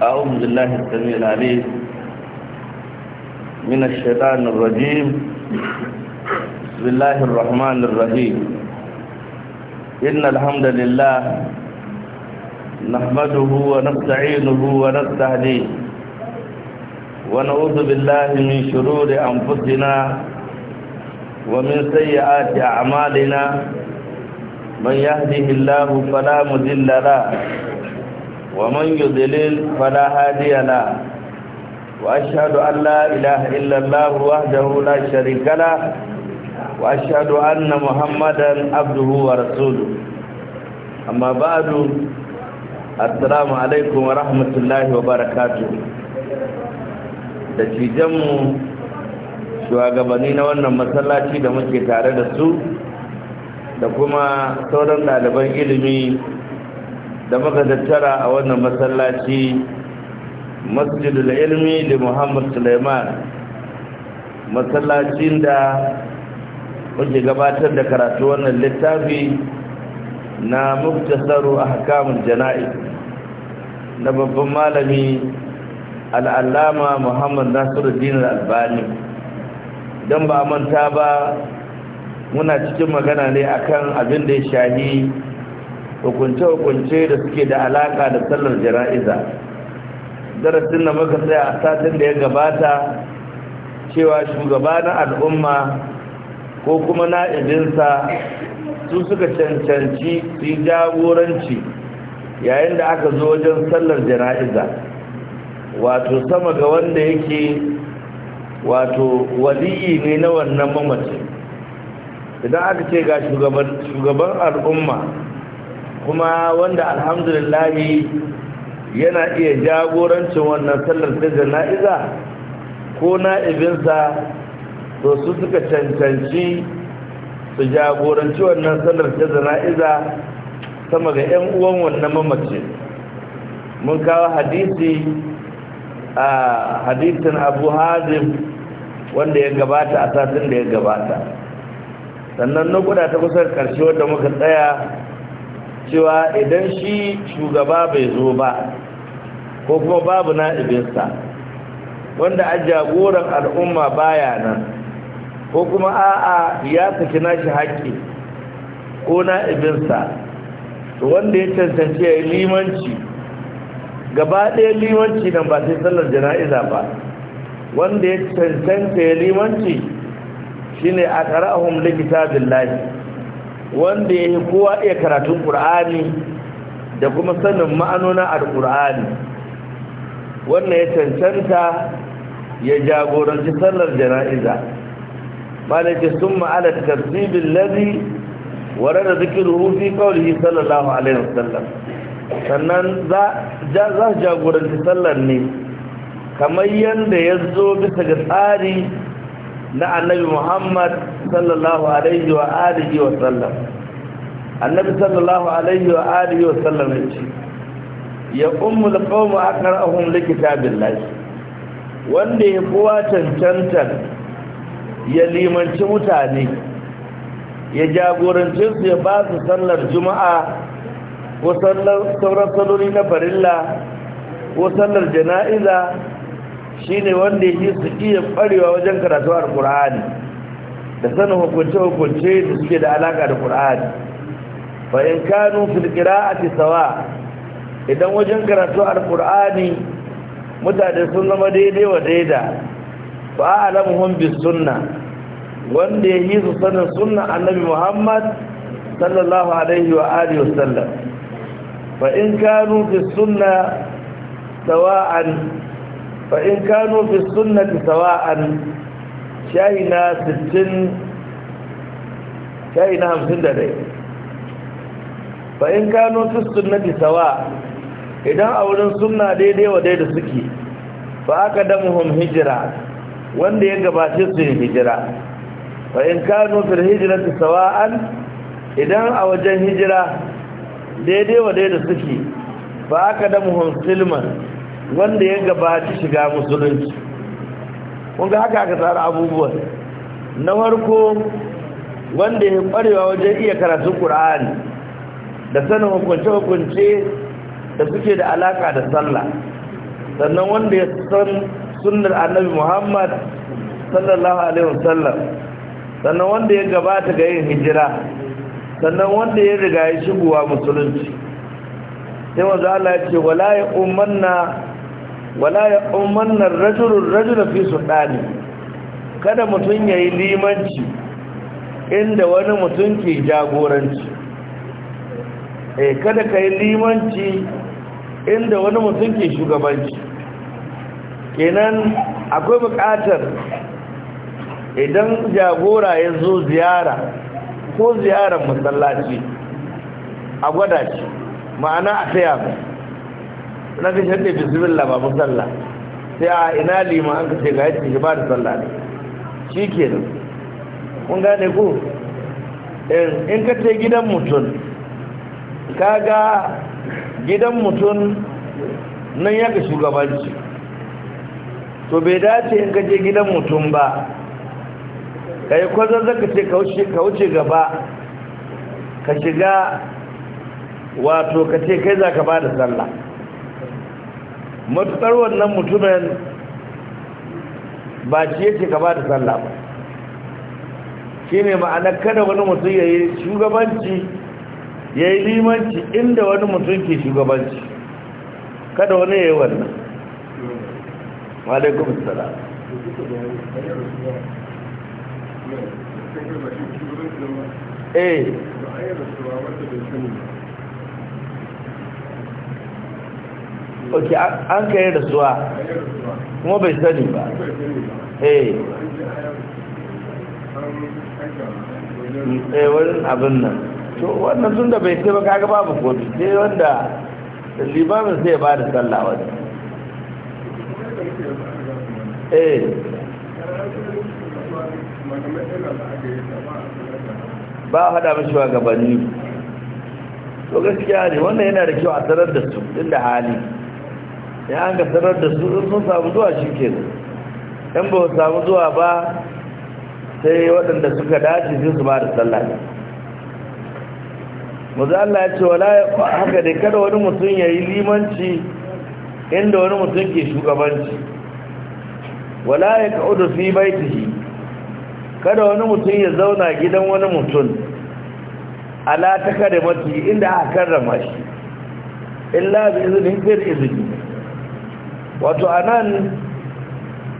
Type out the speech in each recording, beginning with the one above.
أعوذ بالله السميع العليم من الشيطان الرجيم بسم الله الرحمن الرحيم إن الحمد لله نحمده ونستعينه ونستهديه ونعوذ بالله من شرور أنفسنا ومن سيئات أعمالنا من يهده الله فلا مذل له ومن يضلل فلا هادي له واشهد ان لا اله الا الله وحده لا شريك له واشهد ان محمدا عبده ورسوله اما بعد السلام عليكم ورحمه الله وبركاته da shugabanni na wannan masallaci da muke tare da su da kuma sauran ɗaliban ilimi da muka tattara a wannan masallaci masjidul ilmi da muhammad suleiman masallacin da muke gabatar da karatu wannan littafi na a ahkamul jana'i na babban malami al'allama muhammad nasiruddin albani don ba manta ba muna cikin magana ne akan abin da ya shahi hukunce-hukunce da suke da alaka da sallar jana'iza darasin da muka tsaya a satin da ya gabata cewa shugaba na al'umma ko kuma na'ibinsa su suka cancanci su yi jagoranci yayin da aka zo wajen sallar jana'iza wato sama ga wanda yake wato wali'i ne na wannan mamacin idan aka ce ga shugaban al'umma kuma wanda alhamdulillahi yana iya jagorancin wannan sallar ta jana'iza ko na'ibinsa to su suka cancanci su jagoranci wannan sallar ta jana'iza sama ga 'yan uwan wannan mamace mun kawo hadisi a hadisin abu hazim wanda ya gabata a satin da ya gabata sannan nukuda ta kusan ƙarshe wadda muka tsaya cewa idan shi shugaba bai zo ba ko kuma babu na'ibinsa wanda a jagoran al'umma baya nan ko kuma a'a ya saki nashi haƙƙi ko na'ibinsa to wanda ya cancanci ya yi limanci gaba ɗaya limanci nan ba sai sallar jana'iza ba wanda ya cancanta ya limanci shine a ƙara'ahun likita billahi wanda ya yi kowa iya karatun ƙur'ani da kuma sanin ma'anonin alƙur'ani wannan ya cancanta ya jagoranci sallar jana'iza malaka sun ma'ala tasibin lazi ware da zikin rufi kawai sallallahu alaihi wasallam sannan za jagoranci sallar ne kamar yadda ya zo bisa ga tsari na annabi muhammad sallallahu alaihi wa alihi wa sallam annabi sallallahu alaihi wa alihi wa sallam ya ce ya ummu da kawo likita wanda ya kowa cancantar ya limanci mutane ya jagorance su ya ba su sallar juma'a ko sallar sauran saloli na farilla ko sallar jana'iza Shi ne wanda yake su iya barewa wajen karatu ƙura'ani da sanin hukunce hukunce da suke da alaƙa da ƙura'ani fa in kanu filkira a tisawa idan wajen karatu ƙura'ani mutane sun zama daidai wa daida a alamuhum bis sunna wanda yi su sanin sunna annabi muhammad sallallahu alaihi wa alihi wasallam ba in kanu fi sunna sawa'an fa in kanu fi sunnati sawa'an shayina na shayina da fa in kano fi sunnati sawa idan a wurin sunna daidai wa daida suke fa aka damuhum hijira wanda ya gabace su hijira fa in kanu fi hijrati sawa'an idan a wajen hijira daidai wa daida suke ba aka damuhum silman wanda ya gabaci shiga musulunci kunga haka aka tsara abubuwan na farko wanda ya kwarewa wajen iya karatun ƙur'ani da sanin hukunce-hukunce da suke da alaka da sallah sannan wanda ya san sunnar annabi muhammad sallallahu alaihi wasallam sannan wanda ya gabata ga yin hijira sannan wanda ya riga ya shigowa musulunci sai wanzu Allah ya ce wala ya umarna wala ya umarnar rajulun rajula fi sultani kada mutum ya yi limanci inda wani mutum ke jagoranci eh kada ka yi limanci inda wani mutum ke shugabanci kenan akwai buƙatar idan jagora ya zo ziyara ko ziyarar masallaci a gwada ce ma'ana a taya na ka su bismillah ba musalla sai a ina lima an ka ce ga yace ba da sallah ne shi ke nan kun gane ku eh, in ka ce gidan mutum ka ga gidan mutum nan ya ga shugabanci to bai dace in ka je gidan mutum ba ka yi kwazon zaka ce ka wuce gaba ka shiga wato ka ce kai za ka ba da sallah matuƙar wannan mutumin ba ce ce ka da sallah ba shi ne ma'ana kada wani mutum ya yi shugabanci ya yi limanci inda wani mutum ke shugabanci kada wani ya yi wannan malaikun sala eh ok an kai da suwa kuma bai sani ba eh. eh wani abin nan to wannan tun da bai sai ba kaga babu kotu sai wanda limamin sai ba da sallah wani eh ba hada mashi wa gabanni to gaskiya ne wannan yana da kyau a sanar da su inda hali ya an ga sanar da su sun samu zuwa shi ke in ba samu zuwa ba sai waɗanda suka dace sun su ba da sallah maza Allah ya ce wala haka dai kada wani mutum ya yi limanci inda wani mutum ke shugabanci wala ya da fi baitihi kada wani mutum ya zauna gidan wani mutum ala ta kare mati inda aka karrama shi illa bi izinin fir izini wato anan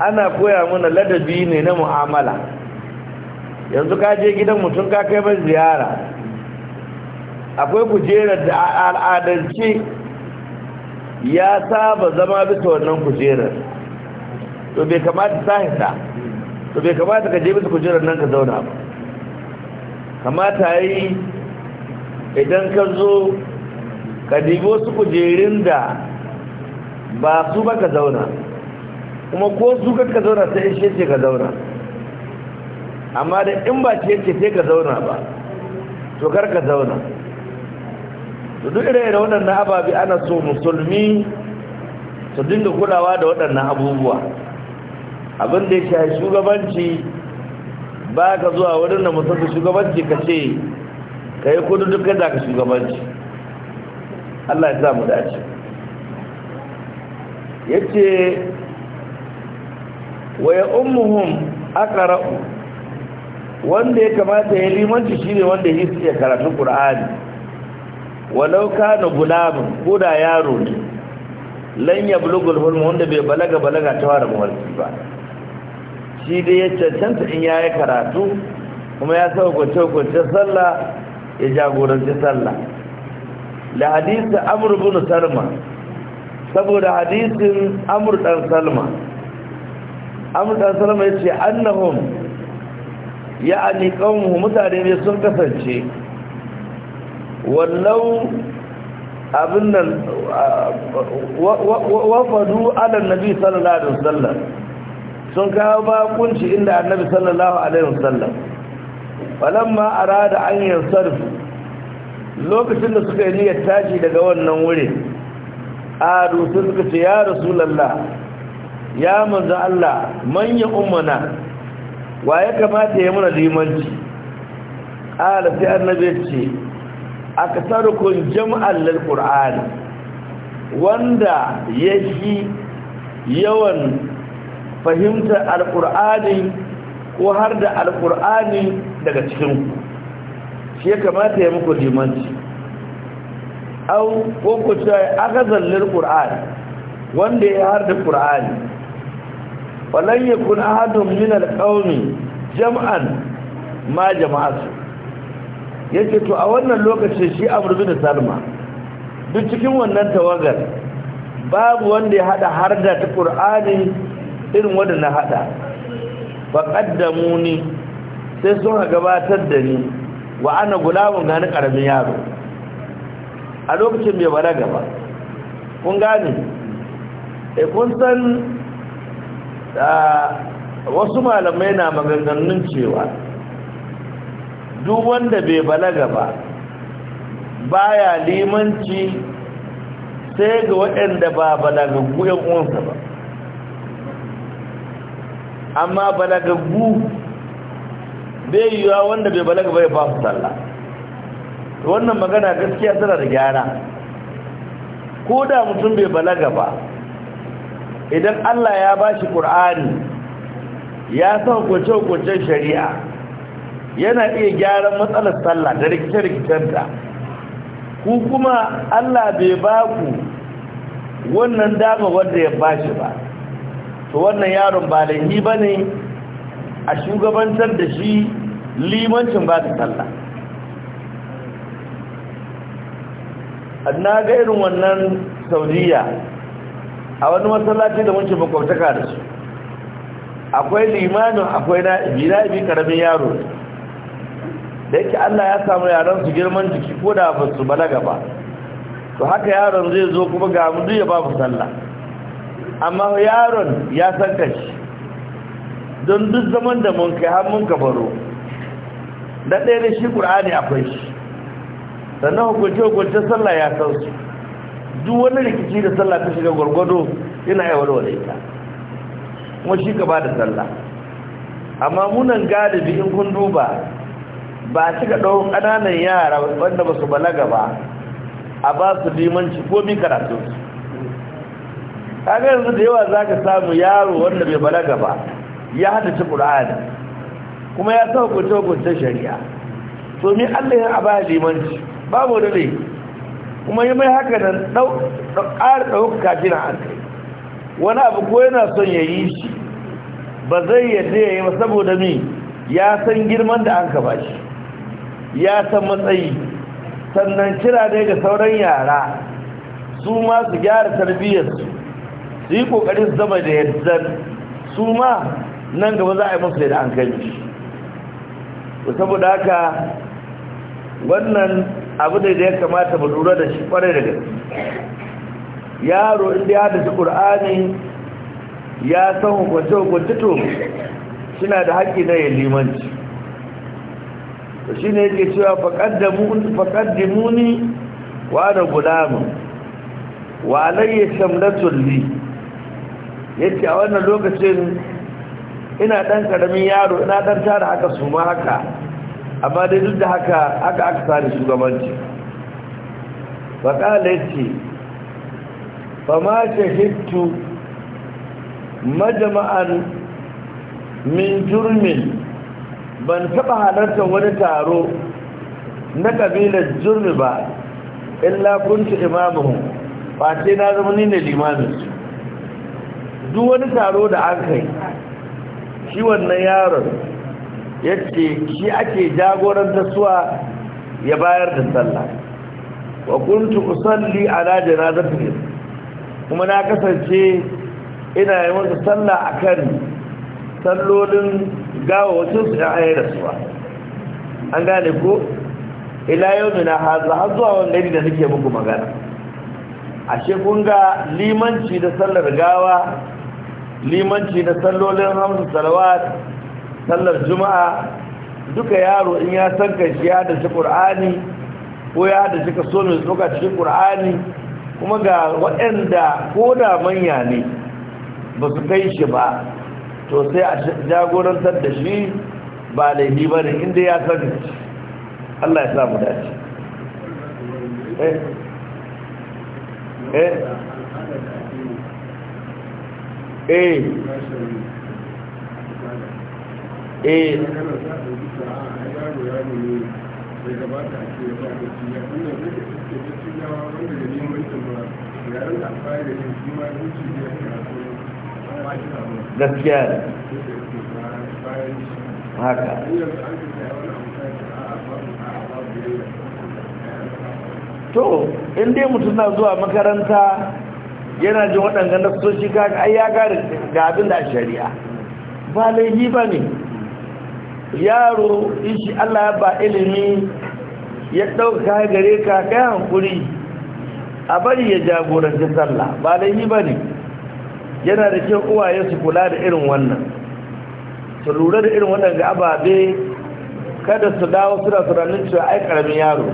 ana koya mana ladabi ne na mu'amala yanzu ka je gidan mutum ka kai mai ziyara akwai kujerar da al'adance ya saba zama bisa wannan kujerar to bai kamata sahinta to bai kamata ka je bisa kujerar nan ka zauna ba kamata yi idan ka zo ka dibi wasu kujerun da ba su ba ka zauna kuma ko su ka zauna sai ishe ce ka zauna amma da in ba ce ce ce ka zauna ba to kar ka zauna su duk da waɗannan ababe ana so musulmi su dinga kulawa da waɗannan abubuwa abinda da ya shahi shugabanci ba ka zuwa wurin da musamman shugabanci ka ce ka yi kudu dukkan da ka shugabanci Allah ya sa mu dace yace wa ya ummuhum aqra wanda ya kamata ya limanci shine wanda ya suke karatu qur'ani walau kana gulamin ko yaro ne lan yablugul hulm wanda bai balaga balaga ta fara mawarki ba shi dai ya cancanta in yayi karatu kuma ya sa kwace kwace sallah ya jagoranci sallah la hadith amr ibn sarma saboda hadisin amur dan salma amur dan salma ce, annahum ya qawmu mutane ne sun kasance wallau abin nan wafadu ala nabi sallallahu alaihi wasallam sun kawo bakunci inda annabi sallallahu alaihi wasallam falamma arada an yansarfu lokacin da suka yi niyyar tashi daga wannan wurin qalu sun ya rasulullah ya manzo Allah man ya ummana wa ya kamata ya muna limanci qala sai annabi ce aktarukum jam'an lil qur'an wanda yashi yawan fahimtar alqur'ani ko har da alqur'ani daga cikin ku shi ya kamata ya muku limanci au ko ku aka zallar qur'ani wanda ya harda qur'ani walan yakun ahadun min alqawmi jam'an ma jama'atu yace to a wannan lokacin shi Amr bin Salma duk cikin wannan tawagar babu wanda ya hada harda ta qur'ani irin wanda na hada fa qaddamuni sai sun gabatar da ni wa ana gulamun gani karamin yaro a lokacin bai balaga ba kun gane e kun san wasu malamai na maganganun cewa duk wanda bai balaga ba baya limanci sai ga waɗanda ba balagaggu yan uwansa ba amma balagaggu bai yiwa wanda bai balaga bai ba su sallah wannan magana gaskiya tana da gyara ko da mutum bai balaga ba idan Allah ya bashi Qur'ani ya san kwace-kwacen shari'a yana iya gyaran matsalar sallah da rikice-rikicenta ku kuma Allah bai ba ku wannan dama wanda ya bashi ba to wannan yaron ba laifi bane a shugabantar da shi limancin ba ta sallah na ga irin wannan saudiya a wani masallaci da muke makwabtaka da su akwai limanin akwai na'ibi na'ibi karamin yaro da yake allah ya samu yaran su girman jiki ko da ba su balaga ba to haka yaron zai zo kuma ga mudu ya babu sallah amma yaron ya san kashi don duk zaman da mun kai har mun kabaro da ɗaya da shi ƙur'ani akwai shi sannan hukunce-hukunce sallah ya san su duk wani rikici da sallah ta shiga gwargwado yana yi wani ita kuma shi ka da sallah amma munan galibi in kun duba ba cika ɗau ƙananan yara wanda ba su balaga ba a ba su limanci ko bi karatu kaga yanzu da yawa za ka samu yaro wanda bai balaga ba ya haddace ƙur'ani kuma ya sa hukunce-hukuncen shari'a to ni allah ya a ba limanci babu da ne kuma yi mai haka nan ƙara ɗaukar jina an kai wani abu ko yana son ya yi shi ba zai yadda ya yi ba saboda mi ya san girman da an kaba shi ya san matsayi sannan kira dai ga sauran yara su ma su gyara tarbiyyarsu su yi ƙoƙarin zama da yadda su ma nan gaba za a yi masu da an kai saboda haka wannan abu ne da ya kamata mu lura da shi kware da gaske yaro inda ya dace qur'ani ya san hukunci hukunci to suna da haƙƙi na yin limanci to shine yake cewa faqaddamu faqaddimuni wa da gulamu wa alayya shamlatul li yace a wannan lokacin ina dan karamin yaro ina dan tara haka su ma haka amma dai duk da haka aka aka sani shugabanci faƙala ya ce fama shahittu majama'an min jurmin ban taɓa halartar wani taro na ƙabilar jurmi ba illa kuntu imamuhu ba sai na zama ni ne limaminsu duk wani taro da an kai shi wannan yaron yace shi ake jagorantar suwa ya bayar da sallah wa kuntu usalli ala janazatin kuma na kasance ina yi masa sallah akan sallolin wasu su ya da suwa an gane ko ila yau na haza har zuwa wani gari da nake muku magana ashe kun ga limanci da sallar gawa limanci da sallolin hamsu salawat sallar juma'a duka yaro in ya san shi ya da shi ƙur'ani ko ya da shi so mai tsoka cikin ƙur'ani kuma ga waɗanda ko da manya ne ba su kai shi ba to sai a jagorantar da shi ba laifi ba ne inda ya san Allah ya sa mu dace eh eh eh Eh. gaskiya haka to in dai mutum na zuwa makaranta yana jin waɗanda na kaga da ga abin da shari'a ba laifi ba ne yaro in shi Allah ba ilimi ya ɗauka gare ka kai hankuri a bari ya jagoranci sallah ba laifi ba ne yana da kyau uwaye su kula da irin wannan su lura da irin wannan ga ababe kada su dawo suna tunanin cewa ai karamin yaro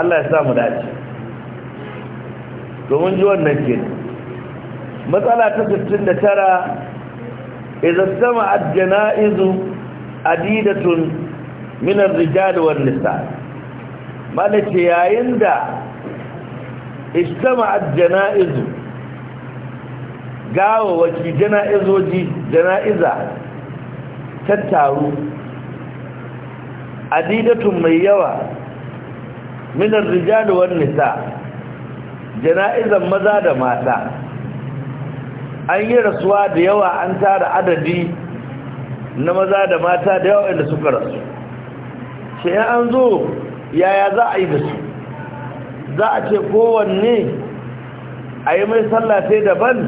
Allah ya sa mu dace domin ji wannan ke matsala ta 69 idan sama jana'izu. adidatun minar rijal wa nisa ce yayin da ijtama'at janaizu waki janaizoji janaiza tattaru adidatun mai yawa minar rijal wa nisa janaizan maza da mata an yi rasuwa da yawa an tara adadi na maza da mata da yawa inda suka rasu shi ya an zo yaya za a yi da su za a ce kowanne a yi mai sallafe daban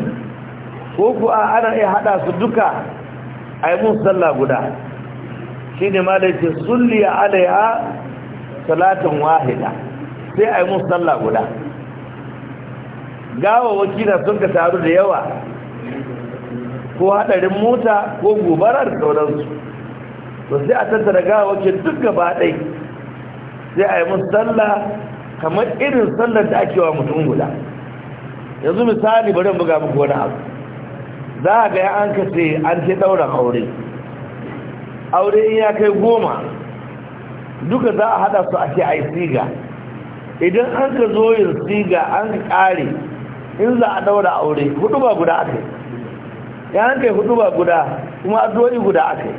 ko kuwa ana iya haɗa su duka a yi mun salla guda shi ne ma da ke sulliya alaiha salatin wahida sai a yi mun sallah guda gawa wakina sun ka taru da yawa ko hadarin mota ko gobara da sauransu to sai a tattara gawawakin duk gaba ɗai sai a yi musu kamar irin sallar da ake wa mutum guda yanzu misali bari buga muku wani abu za a ga an kace an ce ɗauran aure aure in ya kai goma duka za a hada su a ce a yi siga idan an ka zo yin siga an ka ƙare in za a ɗaura aure hudu ba guda a kai ya an hudu ba guda kuma addu'o'i guda akai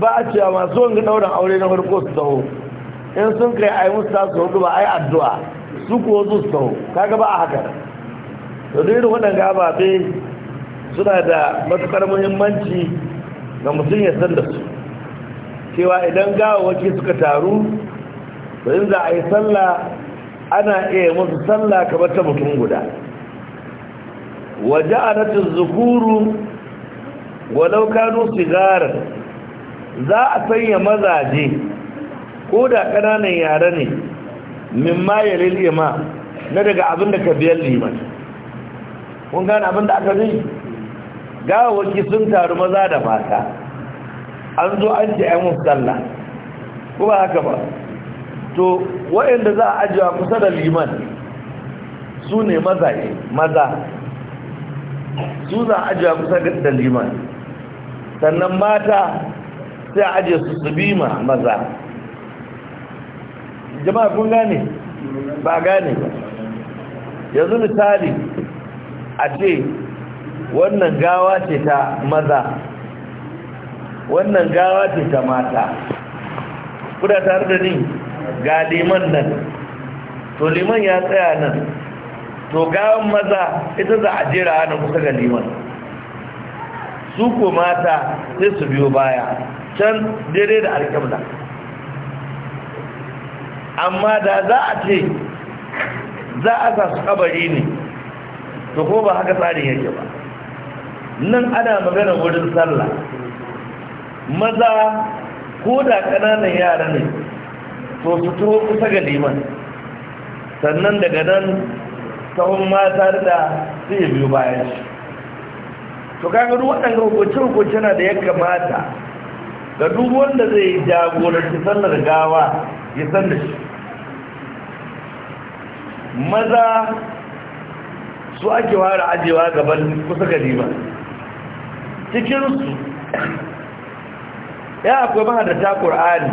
ba a cewa masu wanga daurin aure na farko su taho in sun kai ai musu musta su hudu ba a yi addu'a su kuwa su taho kaga ba a haka to dai irin waɗanda be suna da matukar muhimmanci ga mutum ya san da su cewa idan gawawaki suka taru to in za a yi sallah ana iya musu sallah kamar ta mutum guda وجعلت الذكور ولو كانوا صغارا za a sanya mazaje ko da ƙananan yare ne min mayar lima na daga abin da ka biyar liman kun gane abin da aka zai gawawaki sun taru maza da mata an zo an ce ‘yan musalla ko ba haka ba to waɗanda za a ajiyewa kusa da liman su ne mazaje maza su za a ajiye kusa ga dalima sannan mata sai a ajiye su su bi maza jama'a kun gane ba gane yanzu misali a ce wannan gawa ce ta maza wannan gawa ce ta mata kuda da ni ga liman nan to liman ya tsaya nan to maza ita za a jera hannun kusa ga liman su ko mata sai su biyo baya can daidai da alƙibla amma da za a ce za a sa su kabari ne to ko ba haka tsarin yake ba nan ana magana wurin sallah maza ko da ƙananan yara ne to su turo kusa ga liman sannan daga nan sahun matar da zai biyu bayan shi to kaga duk waɗanda hukunce-hukunce na da ya kamata ga duk wanda zai jagoranci sallar gawa ya san da shi maza su ake wara ajewa gaban kusa gari ba cikinsu ya akwai mahadata ƙur'ani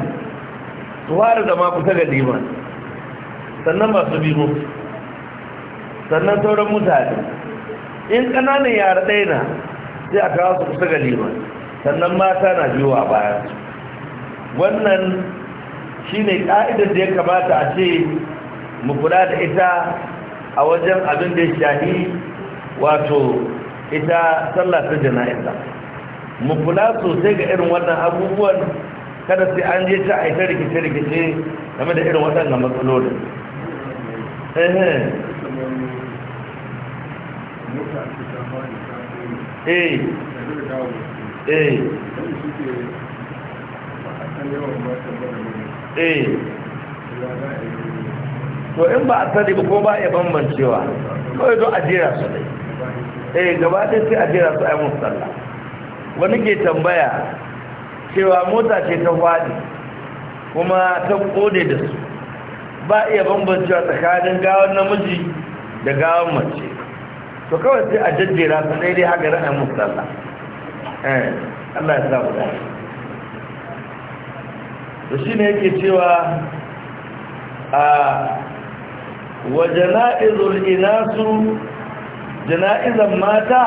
su wara zama kusa gari ba sannan masu biyu sannan sauran mutane in ƙananan yara ɗaya na sai a kawo su kusa ga liman sannan mata na biyu a baya wannan shi ne ƙa'idar da ya kamata a ce mu kula da ita a wajen abin da ya shahi wato ita sallah ta jana'iza mu kula sosai ga irin wannan abubuwan kada sai an je ta aita rikice-rikice game da irin waɗannan matsalolin Eh. Eh. Eh. to in ba a sani ba ko ba a bambancewa kawai don ajiyar su ne eh gaba ɗin sai ajiyar su a yi musalla wani ke tambaya cewa mota ce ta fadi kuma ta ƙone da su ba iya bambancewa tsakanin gawar namiji da gawar mace to kawai sai a jajjera su sai dai haka ra'ayin eh Allah ya samu da to shi ne yake cewa a wajana'izul inasu jana'izan mata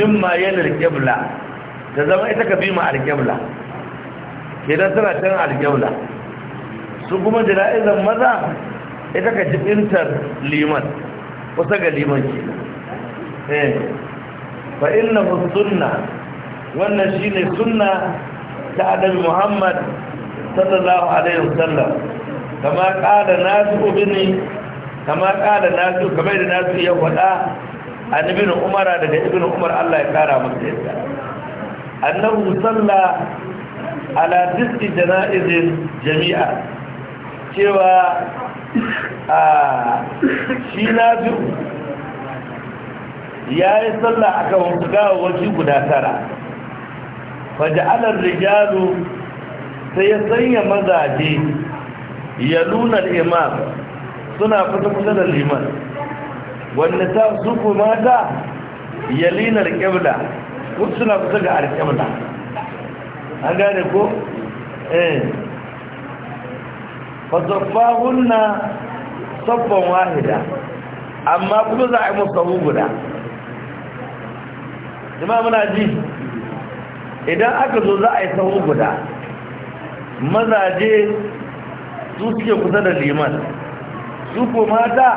mimma yanar kebla ta zama ita ka bima alkebla idan tana can alkebla su kuma jana'izan maza ita ka jibintar liman kusa ga liman kenan eh fa innahu sunna wannan ne sunna ta annabi Muhammad sallallahu alaihi wasallam kama ƙada nasu ibn kama qala nasu kamar da nasu ya wada annabi Umar daga ibn Umar Allah ya ƙara masa yadda annahu salla ala diski janaizin jami'a cewa a shi nasu ya yi sallah a kan gawawaki guda tara alar rijalu sai ya sanya mazaje ya nuna imam suna fita kusa da liman wanda ta suku mata ya linar ƙibla suna kusa ga alƙibla an gane ko? eh hunna sabon wahida amma kuma za a yi musamman guda jama'a na ji idan aka zo za a yi sahu guda mazaje su suke kusa da liman su ko mata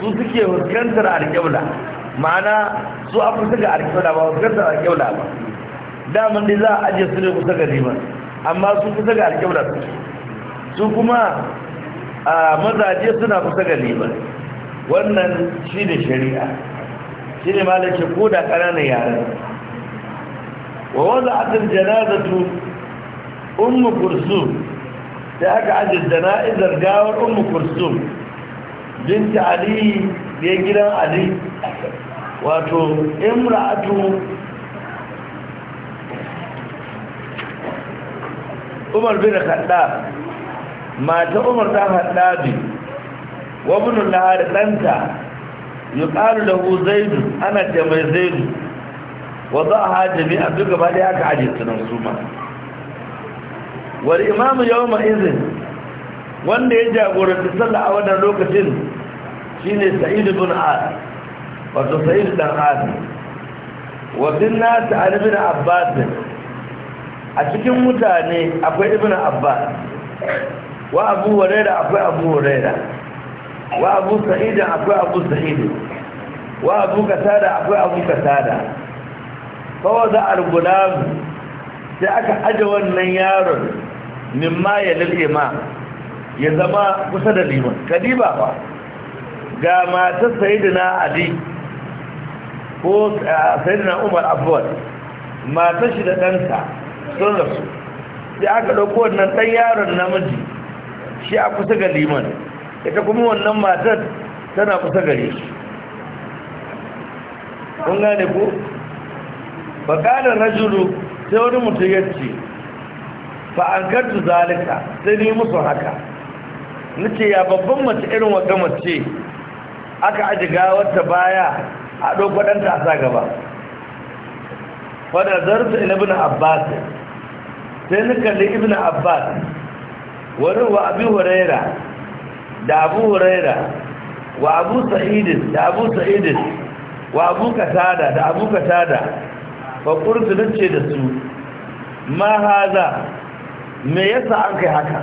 su suke fuskantar alƙibla ma'ana su a kusa ga alƙibla ba fuskantar alƙibla ba damar da za a ajiye su ne kusa ga liman amma su kusa ga alƙibla su su kuma a mazaje suna kusa ga liman wannan shi ne shari'a shi ne ma da ke koda ƙananan yaren wa wanda atin janazatu ummu kursum da aka aji jana'izar gawar ummu kursum binta ali ne gidan ali wato imra'atu umar bin kadda mata umar dan haddabi wa bin lahar danta yuqalu lahu zaid ana ce mai zaid wa zaha a duk gaba da aka ajiye sunan su ma wal imam yawma idhin wanda ya jagoranci sallah a wannan lokacin shine sa'id ibn al wato sa'idu dan adi wa bin nas an ibn a cikin mutane akwai ibn abbas wa abubuwa hurairah akwai abubuwa hurairah wa abu sa'idin akwai abu sa'idin wa abu kasada akwai abu kasada kawai za a sai aka aje wannan yaron mimma ya lalle ma ya zama kusa da liman kadiba ba ga matar sayidina ali ko sayidina umar abuwan matar shi da ɗansa sun rasu sai aka ɗauko wannan ɗan yaron namiji shi a kusa ga liman ita kuma wannan matar tana kusa gare shi kun gane ku? faƙalar rajulu sai wani mutum ya ce fa'ankartu zalika sai ni musu haka nace ya babban mace irin wata mace aka aji ta baya a ɗaukaɗanta a sa gaba wadda zarta ina bin abbas sai ni kalli ibn abbas wani wa abin huraira da abu huraira wa abu sa'idin da abu sa'idin wa abu katada da abu katada fa qultu nace da su ma haza me yasa an kai haka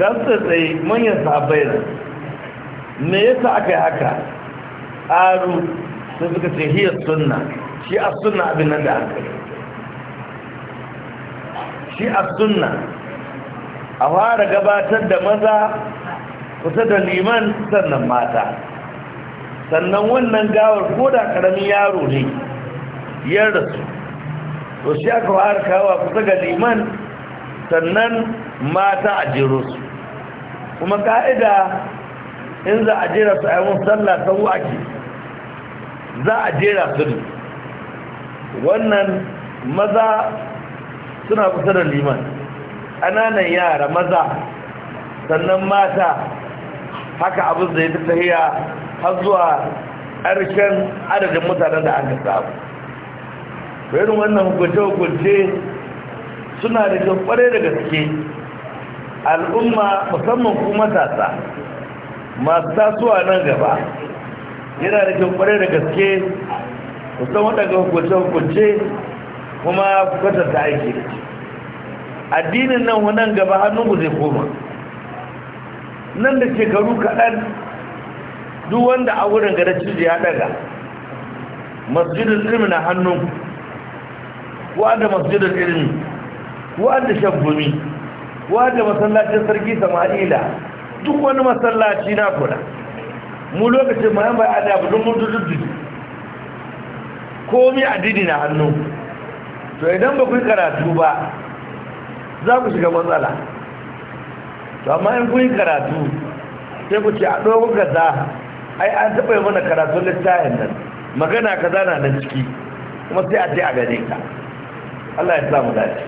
gamsa tsaye manyan sabai da me yasa aka yi haka aru su suka ce hiyar sunna shi a sunna abin nan da aka yi shi a sunna a fara gabatar da maza kusa da liman sannan mata sannan wannan gawar ko da karamin yaro ne ya rasu to shi aka fara kawo kusa ga liman sannan mata a jiro su kuma ka'ida in za a jera su a yi sallah sau ake za a jera su ne wannan maza suna kusa da liman ƙananan yara maza sannan mata haka abin da ya fi tahiya har zuwa ƙarshen adadin mutanen da aka samu bayan wannan hukunce-hukunce suna da kyau kware da gaske al'umma musamman ku matasa masu tasowa nan gaba yana da kyau kware da gaske musamman daga hukunce-hukunce kuma kwatanta aiki da ke. addinin nan wannan gaba hannunku zai koma nan da shekaru kaɗan duk wanda a wurin gada cije ya daga masjidin ilmi na hannun kuwa da masjidin ilmi kuwa da shabbumi kuwa da masallacin sarki sama'ila duk wani masallaci na kuna mu lokacin mayan bai adabu don mutu duddudu komi addini na hannu to idan ba ku karatu ba za ku shiga matsala to amma in kun yi karatu sai ku ce a ɗogon kaza ai an taɓa yi mana karatun littafin nan magana kaza na nan ciki kuma sai a ce a gane ka Allah ya samu dace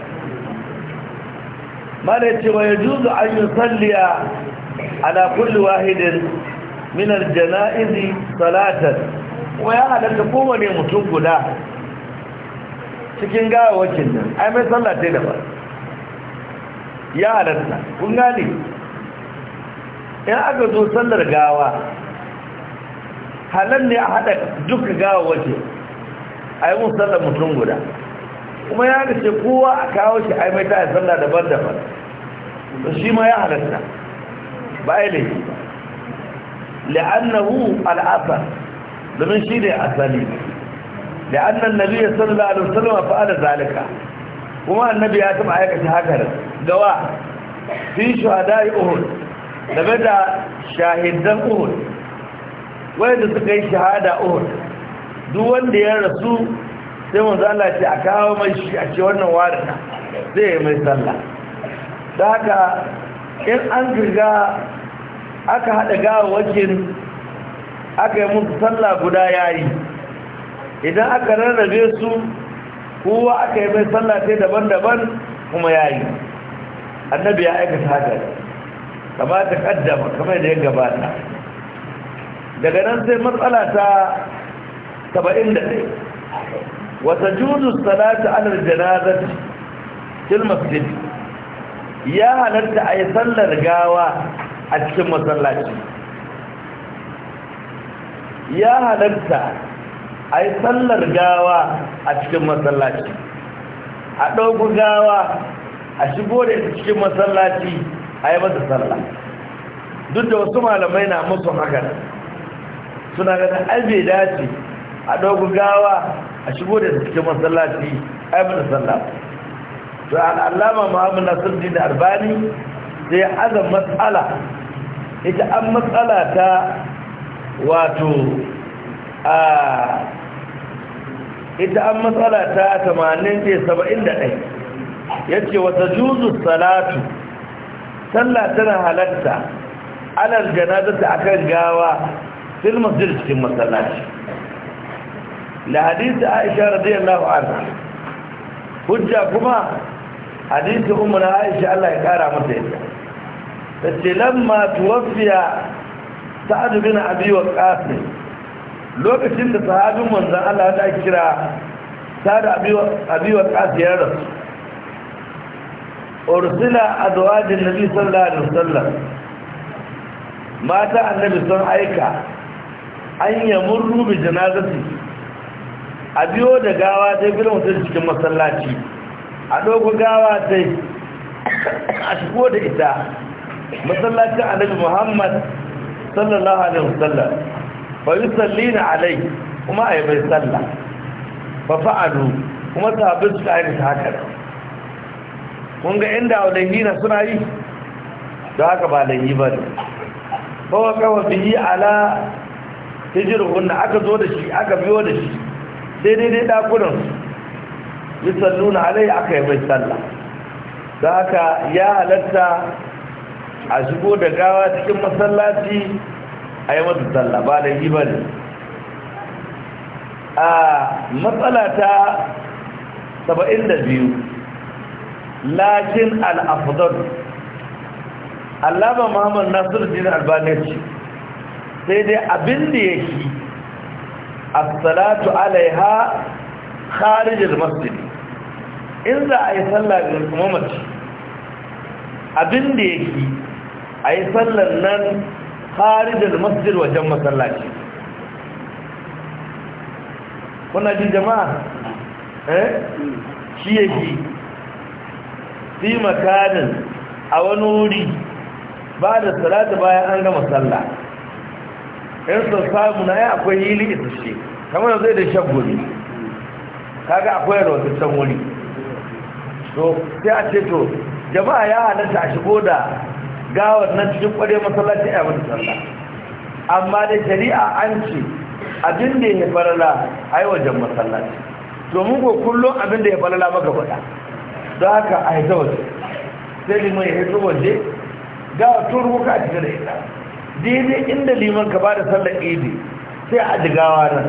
mala ya ce wa ya juzu an yi salliya ala kulli wahidin minar jana'izi salatar kuma ya halatta kowane mutum guda cikin wakil nan ai mai sallah ta daban ya halatta kun gane in aka zo sallar gawa halar ne a haɗa duk gawa waje. a yi mun sallar mutum guda kuma ya ga ce kowa a kawo shi a yi mai tayar sallar daban-daban da shi ma ya halatta ba a yi laifi ba la'annahu al'asar domin shi ne asali la'annan nabi ya sallar al'usalama fa'ada zalika kuma annabi ya taɓa aikata haka da gawa fi dari uhud game da shahidan uhud wanda suka yi shahada uhud duk wanda ya rasu sai manzo zala ce a kawo mai shi a ce wannan warina zai yi mai sallah da haka in an girga aka haɗa wajen aka yi musu sallah guda yayi idan aka rarrabe su kowa aka yi mai sallah sai daban-daban kuma yayi annabi ya aikata haka kama ta kaddama kamar da ya gabata daga nan sai matsala ta 71 wata juzu salatu alal janazati fil masjid ya halatta a sallar gawa a cikin masallaci ya halarta a yi sallar gawa a cikin masallaci a ɗauku gawa a shigo da ita cikin masallaci a yi masa sallah duk da wasu malamai na musu hakan suna ganin albe bai dace a dogu gawa a shigo da ita cikin masallaci a yi masa sallah to al'allama din da albani sai azan matsala ita an matsala ta wato a ita an matsala ta 80 71 yace wata juzu salatu sallah tana halatta alal janazati akan gawa fil masjid cikin masallaci la hadisi aisha radiyallahu anha hujja kuma hadisi ummu aisha Allah ya kara mata yadda tace lamma tuwaffiya sa'ad bin abi waqas lokacin da sahabin manzon Allah da kira sa'ad abi abi waqas ya rasu ursila azwajin nabi sallallahu alaihi wasallam mata annabi sun aika an yamurru bi janazati a biyo da gawa sai gidan mutum cikin masallaci a dogo gawa sai a shigo da ita masallacin annabi muhammad sallallahu alaihi wasallam fa yusallina alai kuma a yi mai sallah fa fa'alu kuma sahabbai suka aikata haka kun ga inda dangi na suna yi da haka ba yi ba ne kowa kawo yi ala hijirhun da aka zo da shi aka biyo da shi sai daidai dakunan yi sallu na alai aka yi mai sallah da haka ya halatta a shigo da gawa cikin masallaci a yi mata sallah ba yi ba ne a matsala ta 72 lakin al'afdar allama muhammad nasir jini albaneci sai dai abin da ya shi a salatu alaiha kharijin masjid in za a yi sallar mamaci abin da ya shi a yi sallar nan kharijar masjid wajen masallaci kuna jin jama'a eh shi ya fi makanin a wani wuri ba da salata bayan an gama salla in sun samu na ya akwai hili isasshe kamar zai da guri kaga akwai can wuri to sai a ce to jama'a ya halatta a shigo da gawar nan cikin kware masallaci a wani salla amma da shari'a an ce abin da ya farala a yi wajen masallaci domin ko kullum abin da ya farala maka faɗa zaka a haita waje sai liman ya haita waje ga turu ka a cikin da ita daidai inda liman ka ba da sallar idi sai a jigawa nan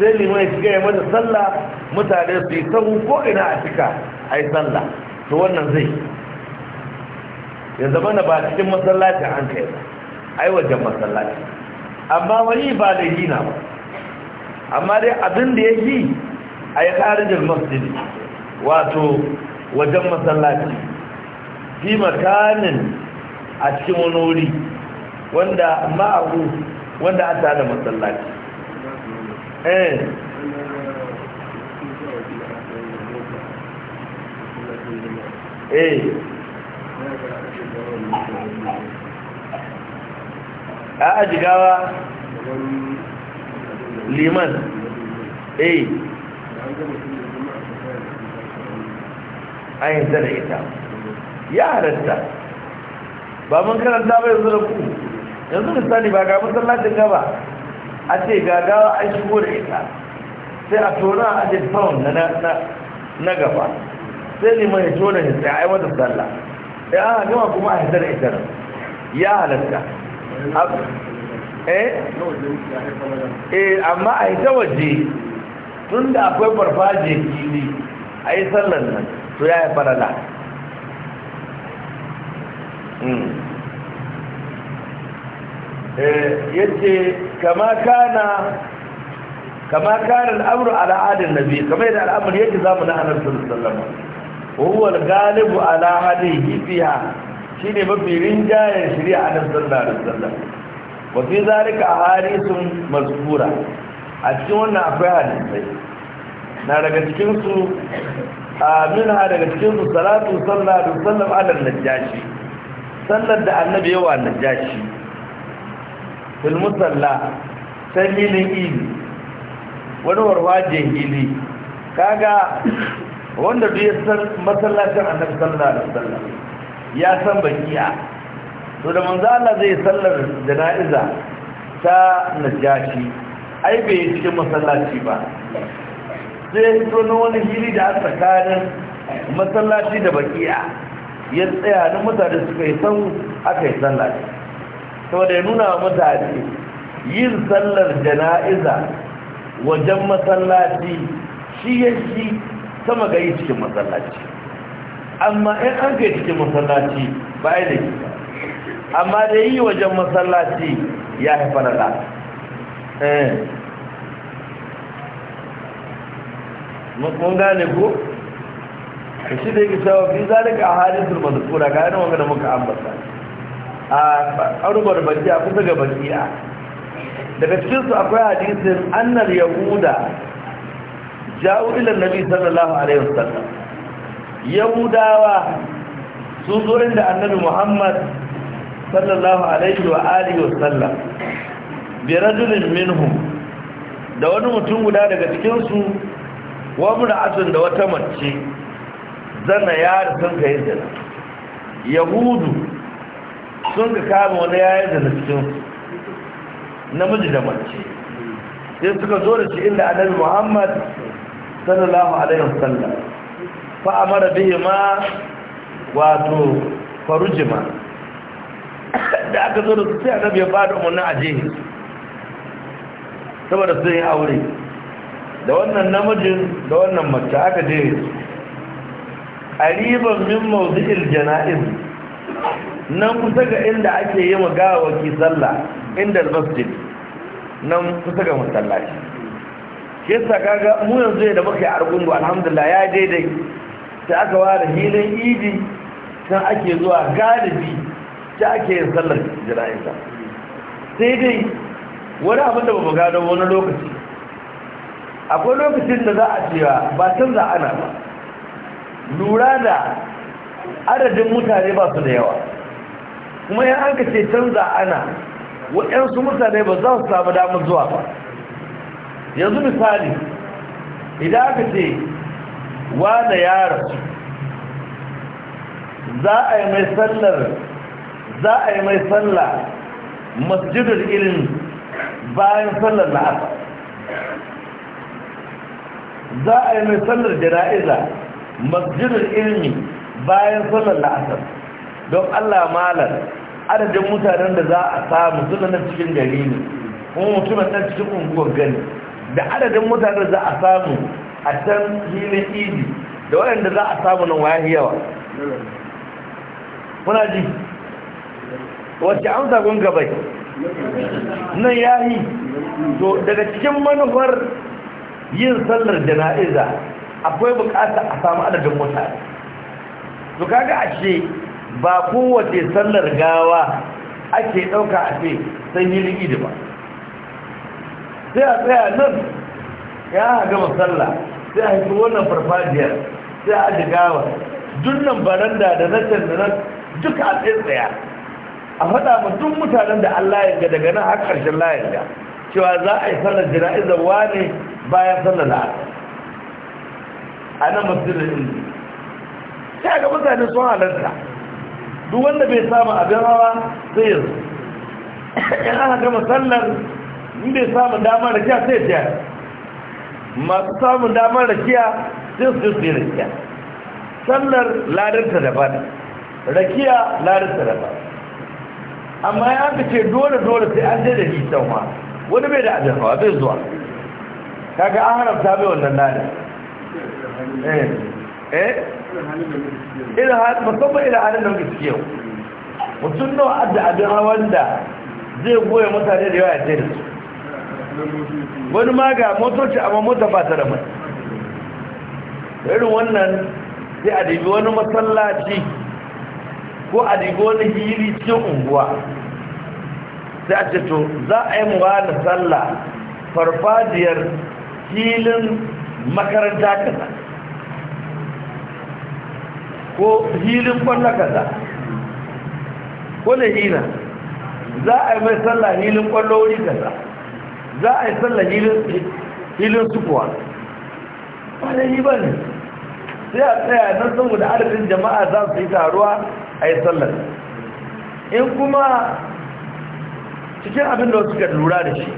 sai liman ya shiga ya mata sallah mutane su yi sahu ko ina a cika a yi sallah to wannan zai ya zama na ba cikin masallacin an kai ba yi wajen masallaci amma wani ba da na ba amma dai abin da ya yi a yi ƙarin masjidi wato wajen masallaci fi makanin a cikin wani wanda ma'ahu wanda a tada masallaci eh eh a ajigawa liman eh ayin yanzu da ita ya halatta ba mun karanta ba yanzu da ku yanzu misali ba ga masallacin gaba a ce gagawa an shigo da ita sai a tona a ajiye town na gaba sai neman ya tona ya sai eh, a yi wata sallah ya ana gama kuma a haifar ita nan ya halatta eh? eh amma a haifar waje tun da akwai farfajiyar fili a yi sallar nan to ya yi farala hmm. eh, yace kama kana kama kana amúrò ala adin nabi kamar yadda al'amru yake zamu na annabi sallallahu alaihi wasallam huwa al-ghalibu ala hadihi fiha shine mafi rinjayen shari'a annabi sallallahu alaihi wasallam wa fi zalika ahadithun mazkura a cikin wannan akwai hadisai na daga cikin su منها لكتشف صلاة صلى الله عليه وسلم على النجاشي صلى ده النبي هو النجاشي في المصلى سمين إيل ونور واجه إيدي كاقا wanda duk ya san masallacin annabi sallallahu alaihi wasallam ya san bakiya to da manzo Allah zai sallar jana'iza ta najashi ai bai cikin masallaci ba sai ya fito na wani hili da a tsakanin masallaci da bakiya ya tsaya na mutane suka yi san aka yi sallah da ya nuna wa mutane yin sallar jana'iza wajen masallaci shi ya shi sama ga yi cikin masallaci amma in an kai cikin masallaci yi da yi amma da yi wajen masallaci ya haifar da mun gane ko a shi da yake cewa fi zalika a halin turma da tsora ga yanar wanga da muka ambata a arubar a kusa ga a. daga cikinsu akwai hadisin annar yahuda ja'u ila nabi sallallahu alaihi wasallam yahudawa sun zo inda annabi muhammad sallallahu alaihi wa alihi wasallam bi rajulin minhum da wani mutum guda daga cikinsu wa mura'atun da wata mace zana yari sun ka yi zana yahudu sun ka kama wani yayin da cikin namiji da mace sai suka zo da shi inda annabi muhammad sallallahu alaihi wasallam fa amara bihi ma wato farujima da aka zo da su sai annabi ya bada umarnin aje saboda sun yi aure da wannan namijin da wannan mace aka je ƙariban min mawzi'il jana'iz nan kusa ga inda ake yi gawaki sallah inda masjid nan kusa ga masallaci shi yasa kaga mu yanzu da muka yi argungu alhamdulillah ya daidai sai aka ware hilin idi kan ake zuwa galibi ta ake yin sallar jana'iza sai dai wani abin da ba mu gano wani lokaci akwai lokacin da za a cewa ba canza ana ba lura da adadin mutane ba su da yawa kuma yan an ka ce canza za ana waɗansu mutane ba za su samu damar zuwa ba yanzu misali idan aka ce wane yara za a yi mai sallar za a yi mai sallar masjidar irin bayan sallar na za a yi mai sallar jana'iza masjidin ilmi bayan sallar la'asar don allah malar adadin mutanen da za a samu suna nan cikin gari ne kuma mutumin na cikin unguwar gani da adadin mutanen da za a samu a can hilin idi da waɗanda za a samu nan wayahi yawa kuna ji wacce an gun gabai nan yahi to daga cikin manufar yin sallar jana'iza akwai bukata a samu adadin mutane to kaga ashe ba kowace sallar gawa ake dauka a ce sai hilin idi ba sai a tsaya nan ya gama masalla, sai a haifi wannan farfajiyar sai a aji gawa dunnan baranda da nacan da nan duka a tsaye tsaya a faɗa ma duk mutanen da Allah ya ga daga nan har ƙarshen layin da cewa za a yi sallar jana'izar wane bayan sallar la'asar a nan masjidin inda sai ga mutane sun halarta duk wanda bai samu abin hawa sai yanzu in aka gama sallar in bai samu damar rakiya sai ya masu samun damar rakiya sai su su yi rakiya sallar ladarta da rakiya ladarta ba amma ya aka ce dole dole sai an je da hitan wani bai da abin hawa bai zuwa kaga an haramta mai wannan lada eh eh ila musamman ila halin da muke ciki yau mutum nawa adda abin hawan da zai goya mutane da yawa ya ce da su wani ma ga motoci amma mota ba ta da mai irin wannan sai a dabi wani masallaci ko a dabi wani hiri cikin unguwa sai a ce to za a yi muwa da sallah farfajiyar hilin makaranta kaza ko hilin kwallo kaza ko da hina za a yi mai sallah hilin kwallo wuri kaza za a yi sallah hilin sukuwa wani yi ba ne sai a tsaya nan saboda arzikin jama'a za su yi taruwa a yi sallar in kuma cikin abin da ka lura da shi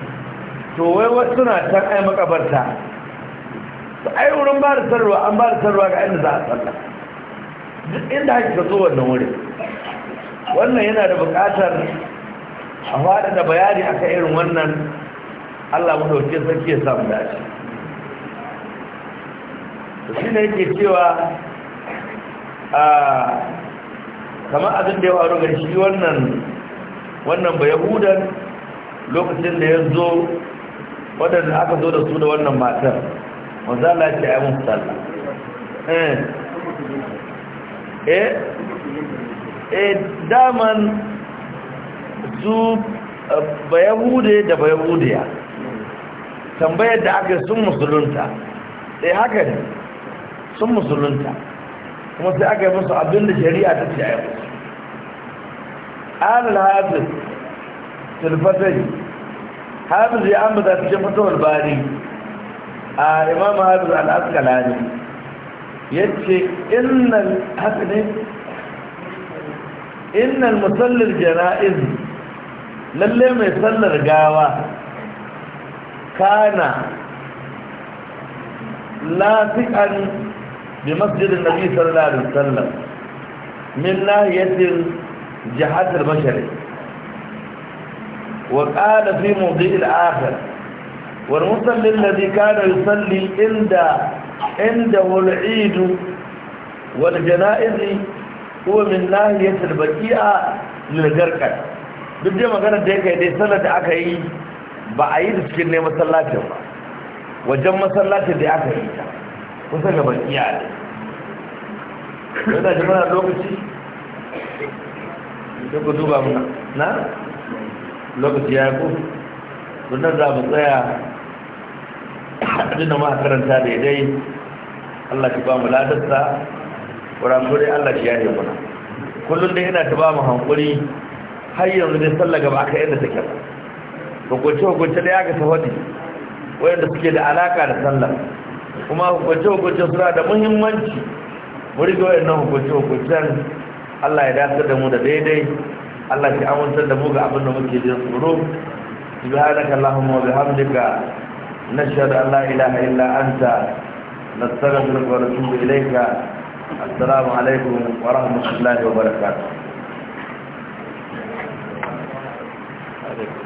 to wai na can ai makabarta ai wurin ba da sarwa an ba da sarwa ga inda za a tsalla duk inda haka zo wannan wurin wannan yana da bukatar a faɗa da bayani akan irin wannan allah mu dauke sarki ya samu dace shi ne yake cewa a kamar abin da ya faru ga shi wannan wannan bayahudan lokacin da ya zo wadanda aka zo da su da wannan matar wanzu Allah ce ya mun sallah eh. eh eh daman su eh, bayahude da bayahudiya tambayar da aka sun musulunta sai eh, haka ne sun musulunta kuma sai aka yi musu abin da shari'a ta ce a yi musu alhazin tilfatari hafiz ya ambata cikin fatawar bari a imam hafiz al-asqalani yace innal ne? innal musallil jana'iz lalle mai sallar gawa kana Lafi'an bi masjidin nabi sallallahu alaihi wasallam min nahiyatin jihatul mashariq وقال في موضع الآخر والمصلي الذي كان يصلي عند عنده العيد والجنائز هو من ناحية البكيئة للجركة duk dai maganar da ya kai dai da aka yi ba a yi da cikin ne masallacin ba wajen masallacin da aka yi ta kusa ga lokaci ku duba na lokaci ya ko sunan za mu tsaya adina ma muka karanta daidai Allah ki ba mu ladarsa kurakure Allah ki yaye mana kullum dai ina ta ba mu hankuri har yanzu dai sallah gaba aka yadda take ba hukunce hukunce da ya ga sahodi wayanda suke da alaka da sallah kuma hukunce hukunce suna da muhimmanci Muri riga wayannan hukunce hukuncen Allah ya dace da mu da daidai Allah ke amintar da mu ga abin da muke jin tsoro subhanaka allahumma wa bihamdika nashhadu an la ilaha illa anta nastaghfiruka wa natubu ilayka assalamu alaikum wa rahmatullahi wa barakatuh